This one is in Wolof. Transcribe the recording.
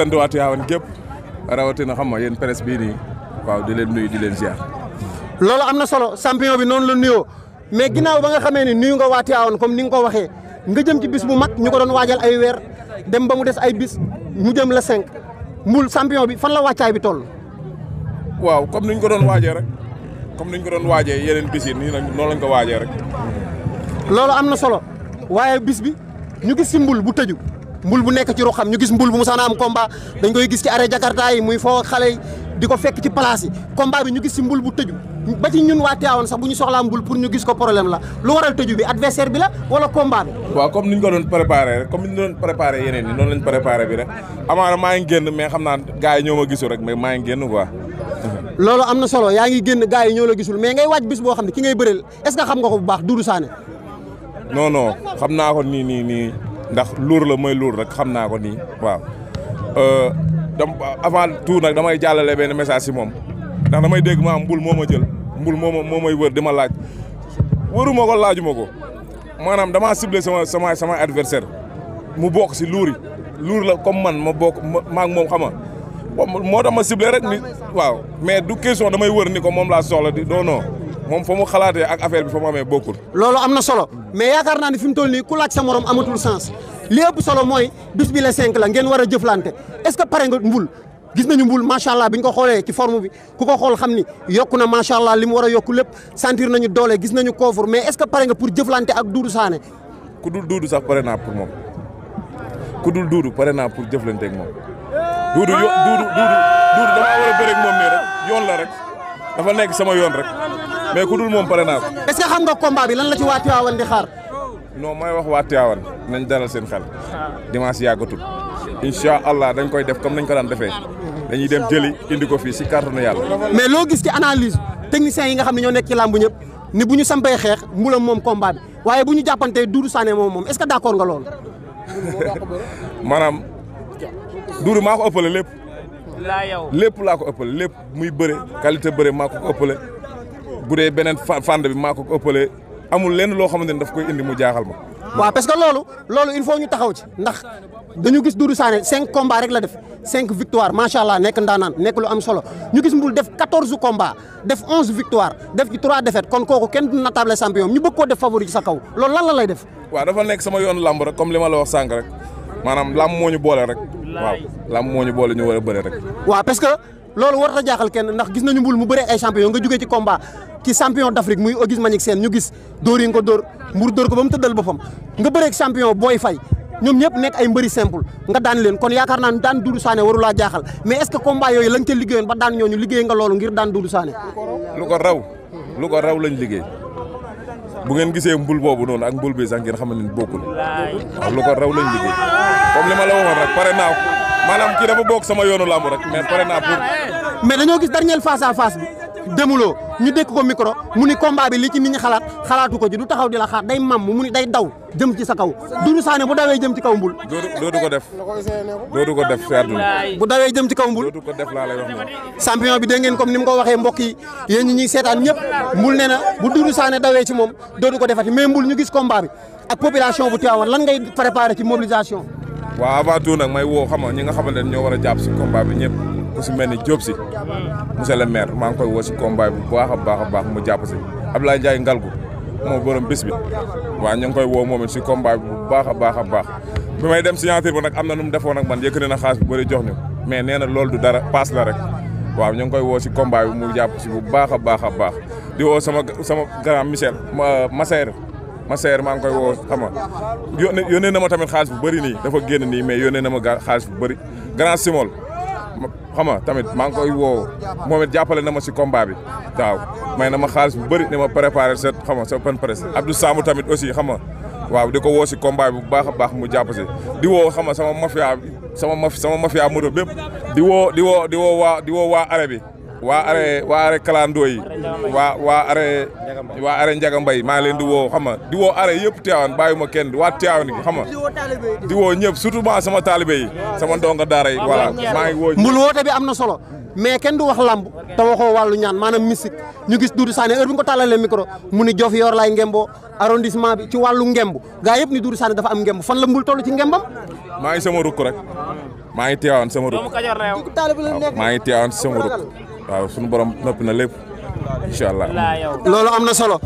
sant waa gep rawati na xam yeen presse bi ni waaw di len nuyu di len ziar. lolu amna solo champion bi non la nuyo mais ginaaw ba nga xamé ni nuyu nga waa Tivaouane comme ni nga ko waxé nga jëm ci bis bu mag ñuko don wajal ay weer dem ba mu dess ay bis mu jëm la 5 mul champion bi fan la waccay bi toll. waaw comme ni ñu ko doon rek comme ni ko doon yeneen bis ni nii lañ ko rek. lolu amna solo waye bis bi ñu gis simbul bu teju mbul bu nek ci roxam ñu gis mbul bu musana am combat dañ koy gis ci arrêt jakarta yi muy fo xalé diko fekk ci place yi combat bi ñu gis ci mbul bu teju ba ci ñun wa tiawon sax bu ñu soxla mbul pour ñu gis ko problème la lu waral teju bi adversaire bi la wala combat bi wa comme niñ ko doon préparer comme niñ doon préparer yeneen ni non lañ préparer bi rek amaana ma ngi genn mais xamna gaay gars yi ñoo ma rek mais ma ngi genn quoi lolu amna solo ya ngi genn gaay yi ñoo la gisul mais ngay wajj bis bo xamni ki ngay beurel est ce que xam nga ko bu baax Doudou Sané non non xamna ko ni ni ni ndax luur la mooy luur rek xam naa ko nii waaw. Euh, dam avant tout nag damay jàllale benn message si moom ndax damay dégg ma mbul moo ma jël mbul moo ma moo may wër di ma laaj wëruma ko laajuma ko maanaam damaa ciblé sama sama sama adversaire mu bokk si luur yi luur la comme man ma bokk ma ak moom xama moo tax ma ciblé rek ni waaw mais du question damay wër ni ko moom laa soxla di doo moom foo mu xalaatee ak affaire bi fa mu amee bokkul. loolu am na solo mais yaakaar naa ne fi mu toll nii ku laaj sa morom amatul sens li solo mooy bis bi la la ngeen war a jëflante est-ce que pare nga mbul gis nañu mbul macha allah bi ñu ko xoolee ci forme bi ku ko xool xam ni yokk na macha allah li mu war a yokku lépp sentir nañu doole gis nañu koofur mais est-ce que pare nga pour jëflante ak Doudou Sané. ku dul Doudou sax pare naa pour moom ku dul pare naa pour jëflante moom Doudou yo Doudou Doudou la rek dafa nekk sama yoon rek. mais ku dul moom pare naa ko. est xam nga combat bi lan la ci waa Tivaouane di xaar. non may wax waa Tivaouane nañ dara seen xel. dimanche yàggatul. incha allah dañ koy def comme nañ ko daan defee. dañuy dem jëli indi ko fii si kàttanu yàlla. mais loo gis ci analyse techniciens yi nga xam ne ñoo nekk ci làmb ñëpp ni bu ñu sampee xeex mbulam moom combat waaye bu ñu jàppantee Doudou Sané moom moom est ce que d' accord nga loolu. maanaam Doudou maa ko ëppale lépp. laa yow lépp laa ko ëppale lépp muy bëre qualité bëre maa ko ëppale. bu benen fande bi mako ko ëppalee amul lenn lo xamante daf koy indi mu jaaxal ma. wa parce que lolu lolu il faut ñu taxaw ci ndax dañu gis duru Sané 5 combat rek la def 5 victoires machallah nek ndanan nek lu am solo ñu gis Mbul def 14 combat def 11 victoires def ci 3 défaites kon koku kenn du natable champion ñu bëgg ko def favori ci sa kaw lolu lan la lay def. wa dafa nek sama yoon lamb rek comme lima la wax sank rek manam lamb moñu bolé rek waaw lamb moñu bolé ñu wara a rek. wa parce que lolu warut jaaxal kenn ndax gis nañu Mbul mu bëré ay champion nga jugee ci combat. ci champion d'Afrique muy Auguste Manick Sène ñu gis dóor yi dóor mbur dóor ko ba mu tëddal boppam nga bëreeg champion Boy Faye ñoom ñëpp nekk ay mbëri simple nga daan leen kon yaakaar naa ne daan Doudou Sané waru laa jaaxal mais est-ce que combat yooyu la nga ca liggéeyoon ba daan ñooñu liggéey nga loolu ngir daan Doudou Sané lu raw lu liggéey bu ngeen gisee mbul boobu noonu ak mbul bi sax ngeen bokkul waaw raw lañ liggéey comme li ma la waxoon rek pare naa demuloo ñu dékk ko micro mu ni combat bi li ci nit xalaat xalaatu ko ci du taxaw di la xaar day mam mu ni day daw jëm ci sa kaw Doudou Sané bu dawee jëm ci kaw mbul doodu def doodu ko def bu dawee ci kaw mbul doodu ko def bi dégg ngeen comme ni mu ko waxee mbokk yi yéen ñi ñuy seetaan ñëpp mbul nee bu Doudou Sané dawee ci moom doodu ko defati mais mbul ñu gis combat bi ak population bu Tivaouane lan ngay préparé ci mobilisation waaw avant tout nag may woo xam nga ñi nga xamante ne ñoo war a jàpp ci combat bi ku si mel ni Diop ngi koy woo si combat bu baax a baax a baax mu jàpp si Abdoulaye Ndiaye Ngalgu moo borom bis bi waaw ñu ngi koy woo moom it si combat bu baax a baax a baax bi may dem signature ba nag am na nu mu defoon ak man yëkkati na xaalis bu bëri jox ñu mais nee na loolu du dara paas la rek waaw ñu ngi koy woo si combat mu jàpp si bu baax a baax a baax di woo sama sama grand Michel Masseer Masseer maa ngi koy woo xam nga yónnee yónnee na ma tamit xaalis bu bëri nii dafa génne nii mais yónnee na ma xaalis bu bëri grand Simol xam nga tamit maa ngi koy woo moom it jàppale na ma si combat bi waaw may na ma xaalis bu bëri ne ma préparé set xam nga sa open press Abdou Samb tamit aussi xam nga waaw di ko woo si combat bi bu baax a baax mu jàpp si di woo xam nga sama mafia sama maf sama mafia bépp di woo di woo di woo waa di woo waa arabe bi wa are wa are kalandoo yi wa wa are wa are njagambay ma len di wo xam nga di wo are yep bayuma kenn wa gi xam di wo ñep surtout ba sama talibe, yi sama ndongo daara yi voilà ma ngi wo mbul wote bi amna solo mais kenn du wax lamb taw waxo walu ñaan manam misik ñu gis dudu Sané heure bi ko tàllalee micro mu ni jof yor lay ngembo arrondissement bi ci walu ngemb gaa yep ni dudu Sané dafa am ngemb fan la mbul tollu ci ngembam ma ngi sama rukku rek ma ngi sama rukku waaw suñu borom noppi na lépp incha allah. loolu am na solo.